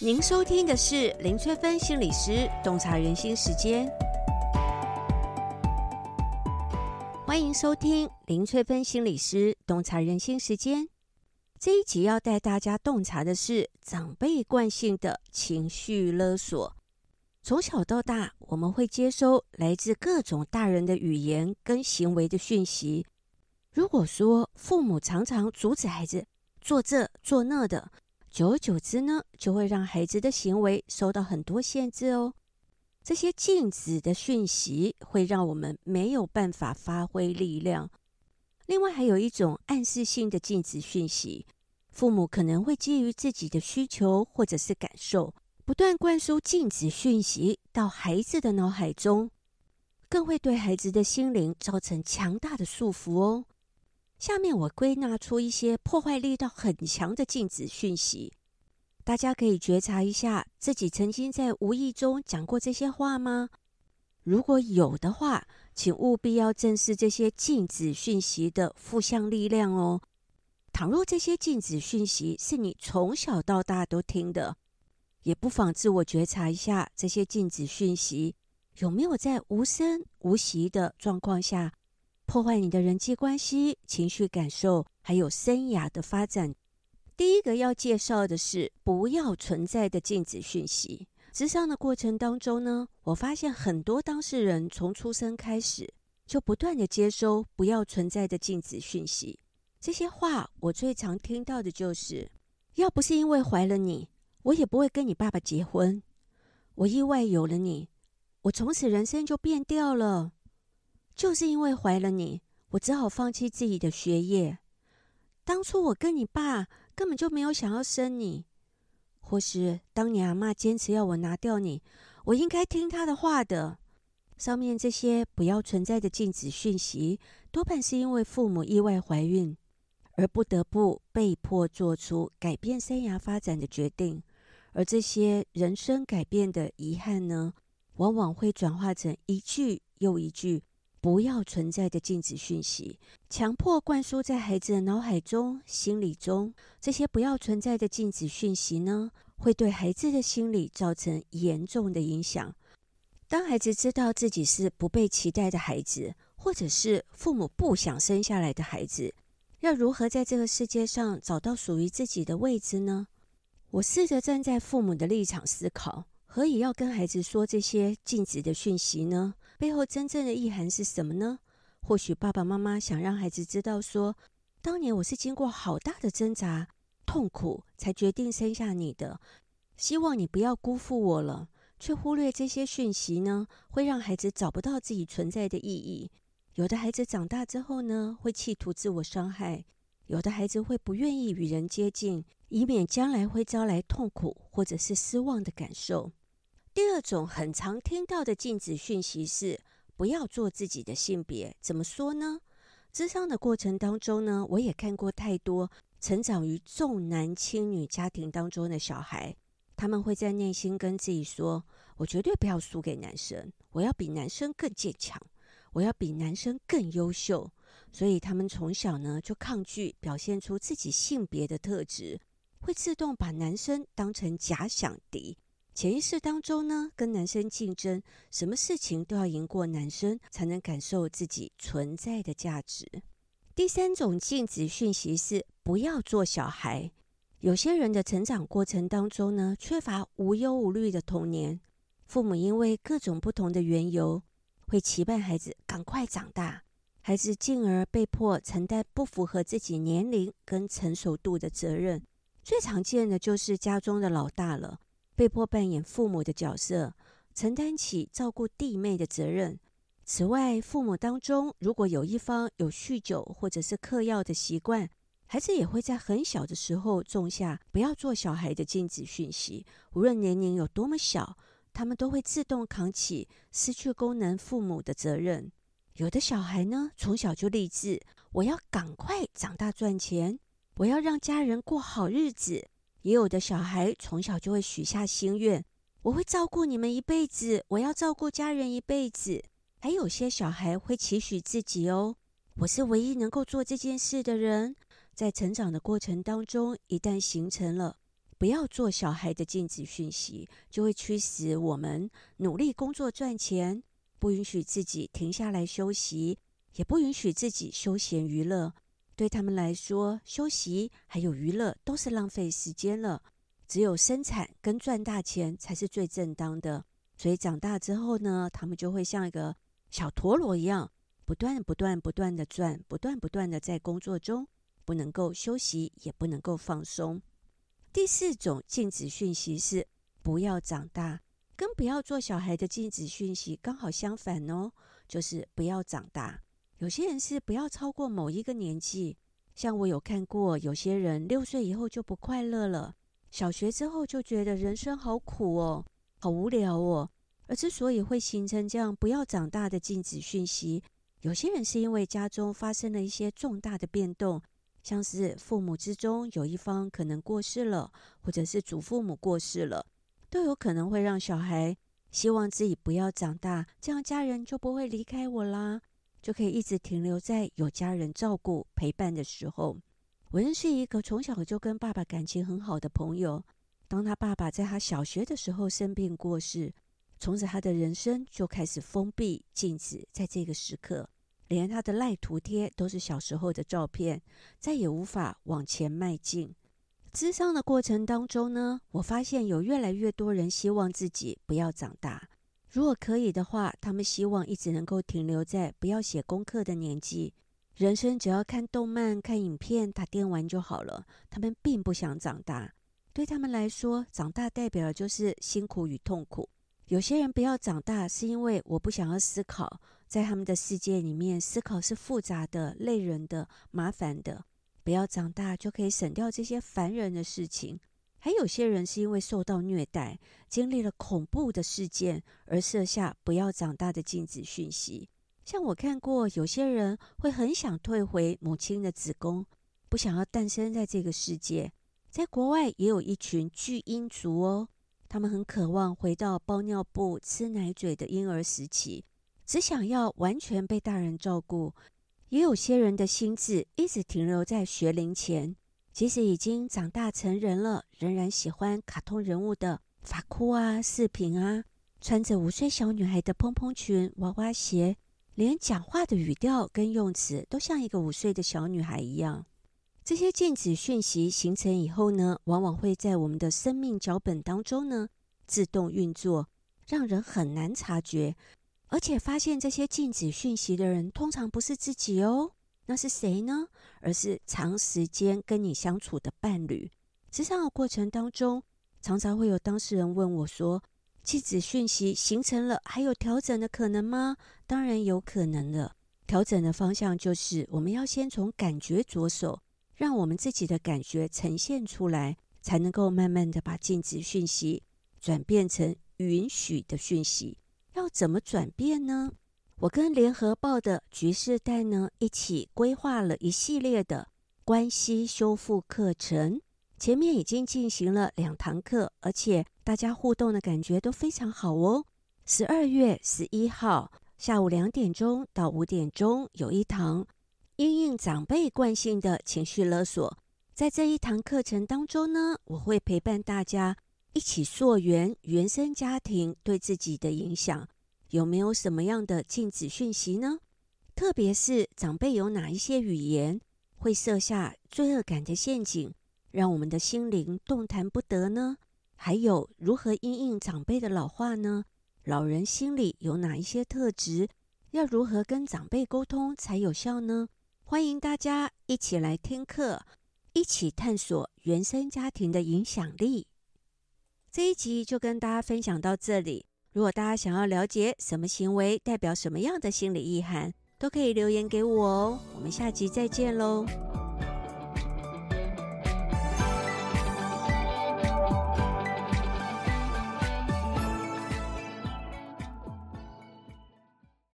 您收聽的是林萃芬心理師《洞察人心》時間，歡迎收聽林萃芬心理師《洞察人心》時間。這一集要帶大家洞察的是長輩慣性的情緒勒索。從小到大，我們會接收來自各種大人的語言跟行為的訊息。如果說父母常常阻止孩子做這做那的，久而久之呢，就會讓孩子的行為受到很多限制哦。這些禁止的訊息會讓我們沒有辦法發揮力量。另外，還有一種暗示性的禁止訊息，父母可能會基於自己的需求或者是感受，不斷灌輸禁止訊息到孩子的腦海中，更會對孩子的心靈造成強大的束縛哦。下面我歸納出一些破壞力道很強的禁止訊息，大家可以覺察一下自己曾經在無意中講過這些話嗎？如果有的話，請務必要正視這些禁止訊息的負向力量哦。倘若這些禁止訊息是你從小到大都聽的，也不妨自我覺察一下，這些禁止訊息有沒有在無聲無息的狀況下，破壞你的人際關係、情緒感受，還有生涯的發展。第一個要介紹的是，不要存在的禁止訊息。諮商的過程當中呢，我發現很多當事人從出生開始就不斷的接收“不要存在”的禁止訊息。這些話我最常聽到的就是：“要不是因為懷了你，我也不會跟你爸爸結婚。我意外有了你，我從此人生就變掉了。”就是因為懷了你，我只好放棄自己的學業。當初我跟你爸根本就沒有想要生你，或是當你阿媽堅持要我拿掉你，我應該聽她的話的。上面這些不要存在的禁止訊息，多半是因為父母意外懷孕，而不得不被迫做出改變生涯發展的決定。而這些人生改變的遺憾呢，往往會轉化成一句又一句。不要存在的禁止訊息，強迫灌輸在孩子的腦海中、心理中，這些不要存在的禁止訊息呢，會對孩子的心理造成嚴重的影響。當孩子知道自己是不被期待的孩子，或者是父母不想生下來的孩子，要如何在這個世界上找到屬於自己的位置呢？我試着站在父母的立場思考。何以要跟孩子說這些禁止的訊息呢？背後真正的意涵是什麼呢？或許爸爸媽媽想讓孩子知道說，說當年我是經過好大的掙扎、痛苦，才決定生下你的，希望你不要辜負我了。卻忽略這些訊息呢，會讓孩子找不到自己存在的意義。有的孩子長大之後呢，會企圖自我傷害；有的孩子會不願意與人接近，以免將來會招來痛苦或者是失望的感受。第二種很常聽到的禁止訊息是，不要做自己的性別。怎麼說呢？諮商的過程當中呢，我也看過太多成長於重男輕女家庭當中的小孩，他們會在內心跟自己說：“我絕對不要輸給男生，我要比男生更堅強，我要比男生更優秀。”所以他們從小呢就抗拒表現出自己性別的特質，會自動把男生當成假想敵。潛意識當中呢，跟男生競爭，什麼事情都要贏過男生，才能感受自己存在的價值。第三種禁止訊息是不要做小孩。有些人的成長過程當中呢，缺乏無憂無慮的童年。父母因為各種不同的緣由，會期盼孩子趕快長大，孩子進而被迫承擔不符合自己年齡跟成熟度的責任。最常見的就是家中的老大了。被迫扮演父母的角色，承擔起照顧弟妹的責任。此外，父母當中如果有一方有酗酒或者是嗑藥的習慣，孩子也會在很小的時候種下“不要做小孩”的禁止訊息。無論年齡有多麼小，他們都會自動扛起失去功能父母的責任。有的小孩呢，從小就立志：“我要趕快長大賺錢，我要讓家人過好日子。”也有的小孩從小就會許下心願，我會照顧你們一輩子，我要照顧家人一輩子。還有些小孩會期許自己哦，我是唯一能夠做這件事的人。在成長的過程當中，一旦形成了不要做小孩的禁止訊息，就會驅使我們努力工作賺錢，不允許自己停下來休息，也不允許自己休閒娛樂。對他們來說，休息還有娛樂都是浪費時間了。只有生產跟賺大錢才是最正當的。所以長大之後呢，他們就會像一個小陀螺一樣，不斷，不斷，不斷，不斷地轉，不斷、不斷的轉，不斷、不斷的在工作中，不能夠休息，也不能夠放鬆。第四種禁止訊息是不要長大，跟不要做小孩的禁止訊息剛好相反哦，就是不要長大。有些人是不要超過某一個年紀，像我有看過，有些人六歲以後就不快樂了，小學之後就覺得人生好苦哦，好無聊哦。而之所以會形成這樣不要長大的禁止訊息，有些人是因為家中發生了一些重大的變動，像是父母之中有一方可能過世了，或者是祖父母過世了，都有可能會讓小孩希望自己不要長大，這樣家人就不會離開我啦。就可以一直停留在有家人照顧陪伴的時候。我認識一個從小就跟爸爸感情很好的朋友，當他爸爸在他小學的時候生病過世，從此他的人生就開始封閉、靜止在這個時刻，連他的賴圖貼都是小時候的照片，再也無法往前邁進。諮商的過程當中呢，我發現有越來越多人希望自己不要長大。如果可以的話，他們希望一直能夠停留在不要寫功課的年紀。人生只要看動漫、看影片、打電玩就好了。他們並不想長大，對他們來說，長大代表的就是辛苦與痛苦。有些人不要長大，是因為我不想要思考，在他們的世界裡面，思考是複雜的、累人的、麻煩的。不要長大就可以省掉這些煩人的事情。還有些人是因為受到虐待，經歷了恐怖的事件，而設下不要長大的禁止訊息。像我看過，有些人會很想退回母親的子宮，不想要誕生在這個世界。在國外也有一群巨嬰族哦，他們很渴望回到包尿布、吃奶嘴的嬰兒時期，只想要完全被大人照顧。也有些人的心智一直停留在學齡前。即使已經長大成人了，仍然喜歡卡通人物的髮箍啊、飾品啊，穿着五歲小女孩的蓬蓬裙、娃娃鞋，連講話的語調跟用詞都像一個五歲的小女孩一樣。這些禁止訊息形成以後呢，往往會在我們的生命腳本當中呢自動運作，讓人很難察覺。而且發現這些禁止訊息的人，通常不是自己哦。那是誰呢？而是長時間跟你相處的伴侶。諮商的過程當中，常常會有當事人問我說：“禁止訊息形成了，還有調整的可能嗎？”當然有可能了。調整的方向就是，我們要先從感覺着手，讓我們自己的感覺呈現出來，才能夠慢慢的把禁止訊息轉變成允許的訊息。要怎麼轉變呢？我跟聯合報的橘世代呢，一起規劃了一系列的關係修復課程，前面已經進行了兩堂課，而且大家互動的感覺都非常好哦。十二月十一號下午兩點鐘到五點鐘有一堂因應長輩慣性的情緒勒索，在這一堂課程當中呢，我會陪伴大家一起溯源原生家庭對自己的影響。有沒有什麼樣的禁止訊息呢？特別是長輩有哪一些語言會設下罪惡感的陷阱，讓我們的心靈動彈不得呢？還有如何因應長輩的老化呢？老人心裡有哪一些特質？要如何跟長輩溝通才有效呢？歡迎大家一起來聽課，一起探索原生家庭的影響力。這一集就跟大家分享到這裡。如果大家想要了解什麼行為代表什麼樣的心理意涵，都可以留言給我哦。我們下集再見嘍。